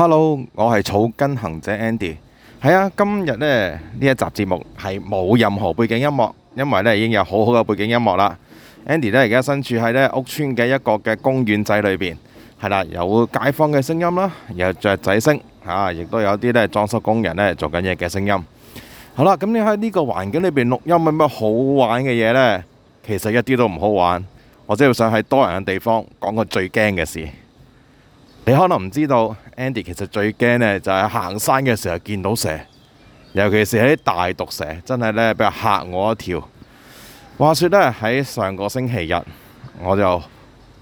Hello，我係草根行者 Andy。係啊，今日咧呢一集節目係冇任何背景音樂，因為咧已經有好好嘅背景音樂啦。Andy 咧而家身處喺咧屋村嘅一個嘅公園仔裏邊，係啦，有街坊嘅聲音啦，有雀仔聲，啊，亦都有啲咧裝修工人咧做緊嘢嘅聲音。好啦，咁你喺呢個環境裏邊錄音有乜好玩嘅嘢咧？其實一啲都唔好玩。我只係想喺多人嘅地方講個最驚嘅事。你可能唔知道，Andy 其實最驚呢就係行山嘅時候見到蛇，尤其是啲大毒蛇，真係呢比較嚇我一跳。話説呢，喺上個星期日，我就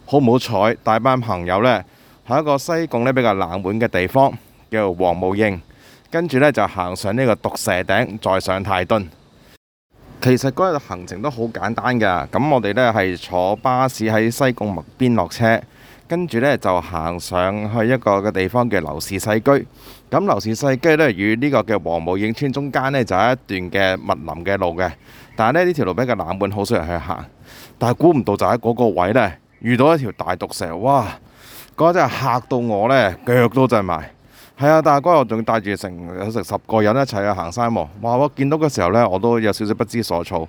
好唔好彩，帶班朋友呢，喺一個西貢呢比較冷門嘅地方，叫黃毛應，跟住呢就行上呢個毒蛇頂，再上太墩。其實嗰日行程都好簡單㗎，咁我哋呢係坐巴士喺西貢木邊落車。跟住呢，就行上去一個嘅地方叫流市世居。咁流市世居呢，與呢個嘅黃毛影村中間呢，就係一段嘅密林嘅路嘅。但係咧，呢條路比較冷門，好少人去行。但係估唔到，就喺嗰個位呢，遇到一條大毒蛇。哇！嗰、那、陣、個、嚇到我呢，腳都震埋。係啊，但係嗰日仲帶住成成十個人一齊去、啊、行山喎。哇！我見到嘅時候呢，我都有少少不知所措。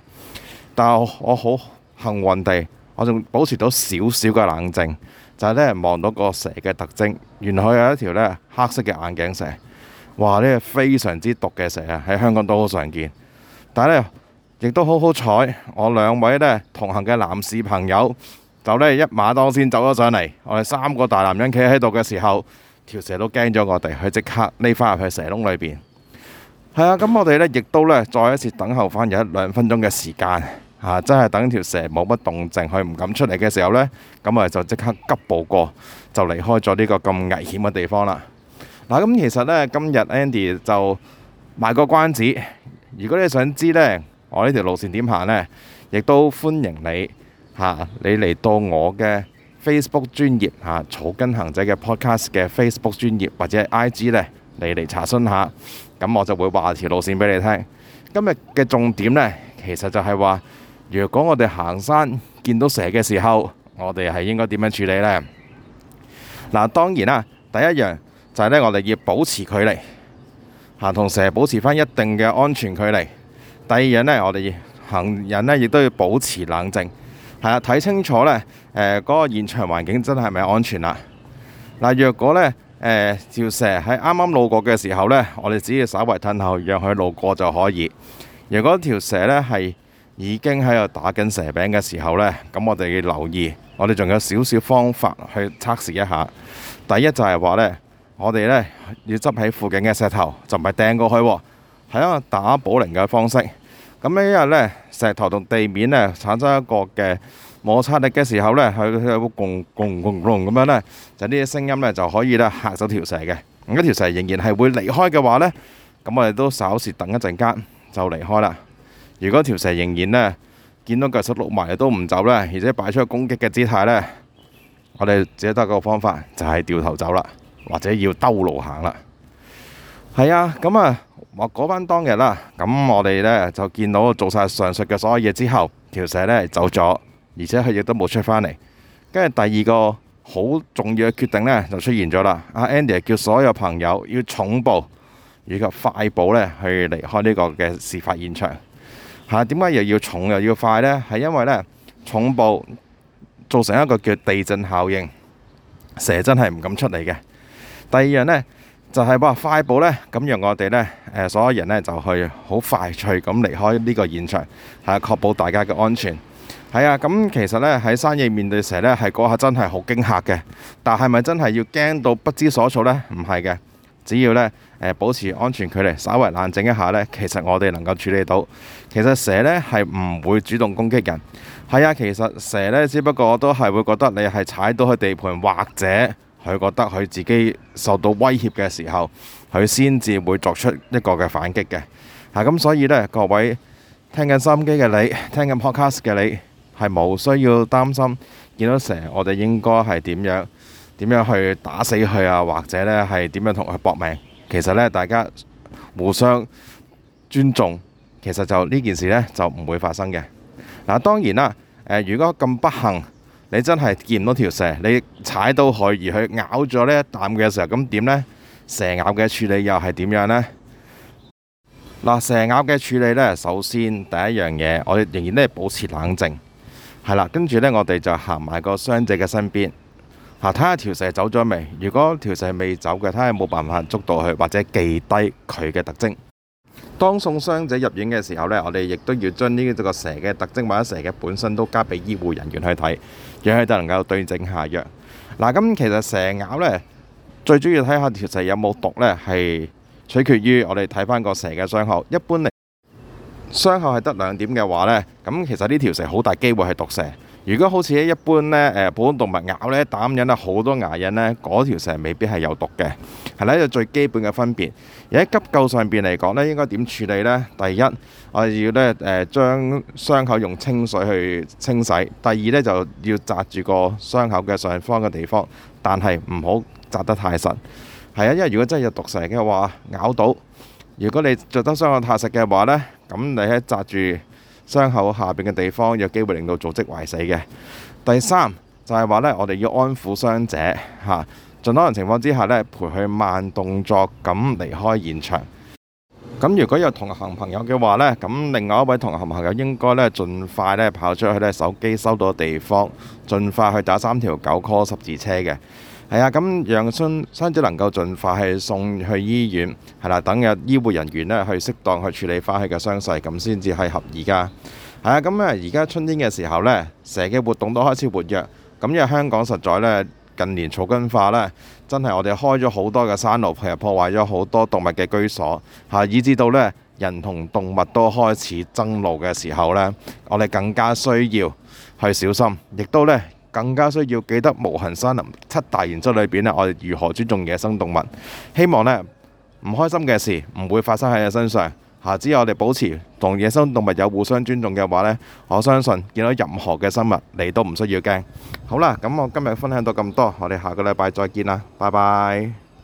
但係我，我好幸運地，我仲保持到少少嘅冷靜。就係咧，望到個蛇嘅特徵，原來佢有一條咧黑色嘅眼鏡蛇，哇！呢係非常之毒嘅蛇啊，喺香港都好常見。但係咧，亦都好好彩，我兩位咧同行嘅男士朋友就咧一馬當先走咗上嚟。我哋三個大男人企喺度嘅時候，條蛇都驚咗我哋，佢即刻匿返入去蛇窿裏邊。係啊，咁我哋咧亦都咧再一次等候返有一兩分鐘嘅時間。嚇、啊！真係等條蛇冇乜動靜，佢唔敢出嚟嘅時候呢，咁啊就即刻急步過，就離開咗呢個咁危險嘅地方啦。嗱、啊，咁其實呢，今日 Andy 就賣個關子。如果你想知呢，我呢條路線點行呢？亦都歡迎你嚇、啊，你嚟到我嘅 Facebook 專頁嚇、啊、草根行仔嘅 Podcast 嘅 Facebook 專頁或者 I G 呢，你嚟查詢下，咁我就會話條路線俾你聽。今日嘅重點呢，其實就係話。若果我哋行山見到蛇嘅時候，我哋係應該點樣處理呢？嗱，當然啦，第一樣就係呢，我哋要保持距離，嚇，同蛇保持翻一定嘅安全距離。第二樣呢，我哋行人呢亦都要保持冷靜，係啊，睇清楚呢誒嗰個現場環境是真係咪安全啦？嗱，若果呢誒條蛇喺啱啱路過嘅時候呢，我哋只要稍微褪後，讓佢路過就可以。如果條蛇呢係，已經喺度打緊蛇餅嘅時候呢，咁我哋要留意，我哋仲有少少方法去測試一下。第一就係話呢，我哋呢要執喺附近嘅石頭，就唔係掟過去，係一個打保齡嘅方式。咁呢一日呢，石頭同地面呢產生一個嘅摩擦力嘅時候呢，佢有個轟轟轟轟咁樣呢，就呢啲聲音呢就可以呢嚇走條蛇嘅。咁果條蛇仍然係會離開嘅話呢，咁我哋都稍時等一陣間就離開啦。如果條蛇仍然呢見到腳出碌埋都唔走呢，而且擺出攻擊嘅姿態呢，我哋只得個方法就係掉頭走啦，或者要兜路行啦。係啊，咁啊，我嗰班當日啦，咁我哋呢就見到做晒上述嘅所有嘢之後，條蛇呢走咗，而且佢亦都冇出返嚟。跟住第二個好重要嘅決定呢就出現咗啦。阿 Andy 叫所有朋友要重步以及快步呢去離開呢個嘅事發現場。嚇點解又要重又要快呢？係因為呢，重步造成一個叫地震效應，蛇真係唔敢出嚟嘅。第二樣呢，就係、是、話快步呢，咁讓我哋呢誒、呃、所有人呢，就去好快脆咁離開呢個現場，嚇、啊、確保大家嘅安全。係啊，咁、嗯、其實呢，喺山野面對蛇呢，係嗰下真係好驚嚇嘅，但係咪真係要驚到不知所措呢？唔係嘅。只要呢，保持安全距離，稍微冷靜一下呢，其實我哋能夠處理到。其實蛇呢係唔會主動攻擊人。係啊，其實蛇呢，只不過都係會覺得你係踩到佢地盤，或者佢覺得佢自己受到威脅嘅時候，佢先至會作出一個嘅反擊嘅。啊，咁所以呢，各位聽緊收音機嘅你，聽緊 podcast 嘅你，係無需要擔心見到蛇，我哋應該係點樣？點樣去打死佢啊？或者呢係點樣同佢搏命？其實呢，大家互相尊重，其實就呢件事呢，就唔會發生嘅。嗱，當然啦，如果咁不幸，你真係見到條蛇，你踩到佢而去咬咗呢一啖嘅時候，咁點呢？蛇咬嘅處理又係點樣呢？嗱，蛇咬嘅處理呢，首先第一樣嘢，我哋仍然都係保持冷靜，係啦，跟住呢，我哋就行埋個傷者嘅身邊。嗱，睇下條蛇走咗未？如果條蛇未走嘅，睇下冇辦法捉到佢，或者記低佢嘅特徵。當送傷者入院嘅時候呢，我哋亦都要將呢個蛇嘅特徵或者蛇嘅本身都交俾醫護人員去睇，讓佢哋能夠對症下藥。嗱，咁其實蛇咬呢，最主要睇下條蛇有冇毒呢，係取決於我哋睇翻個蛇嘅傷口。一般嚟，傷口係得兩點嘅話呢，咁其實呢條蛇好大機會係毒蛇。如果好似一般呢，誒，普通動物咬呢，牙印咧，好多牙印呢，嗰條蛇未必係有毒嘅，係啦，一個最基本嘅分別。而喺急救上邊嚟講呢，應該點處理呢？第一，我哋要呢，誒將傷口用清水去清洗。第二呢，就要紮住個傷口嘅上方嘅地方，但係唔好紮得太實。係啊，因為如果真係有毒蛇嘅話咬到，如果你着得傷口太實嘅話呢，咁你喺紮住，傷口下邊嘅地方，有機會令到組織壞死嘅。第三就係話呢，我哋要安撫傷者吓，盡可能情況之下呢，陪佢慢動作咁離開現場。咁如果有同行朋友嘅話呢，咁另外一位同行朋友應該呢，盡快呢，跑出去呢，手機收到地方，盡快去打三條九 call 十字車嘅。係啊，咁讓傷者能夠盡快係送去醫院，係啦，等日醫護人員呢去適當去處理翻佢嘅傷勢，咁先至係合宜㗎。係啊，咁呢而家春天嘅時候呢，蛇嘅活動都開始活躍。咁因為香港實在呢近年草根化呢，真係我哋開咗好多嘅山路，譬如破壞咗好多動物嘅居所，吓以至到呢人同動物都開始爭路嘅時候呢，我哋更加需要去小心，亦都呢。更加需要記得無痕山林七大原則裏面，我哋如何尊重野生動物？希望呢唔開心嘅事唔會發生喺你身上。嚇！只要我哋保持同野生動物有互相尊重嘅話呢，我相信見到任何嘅生物，你都唔需要驚。好啦，咁我今日分享到咁多，我哋下個禮拜再見啦，拜拜。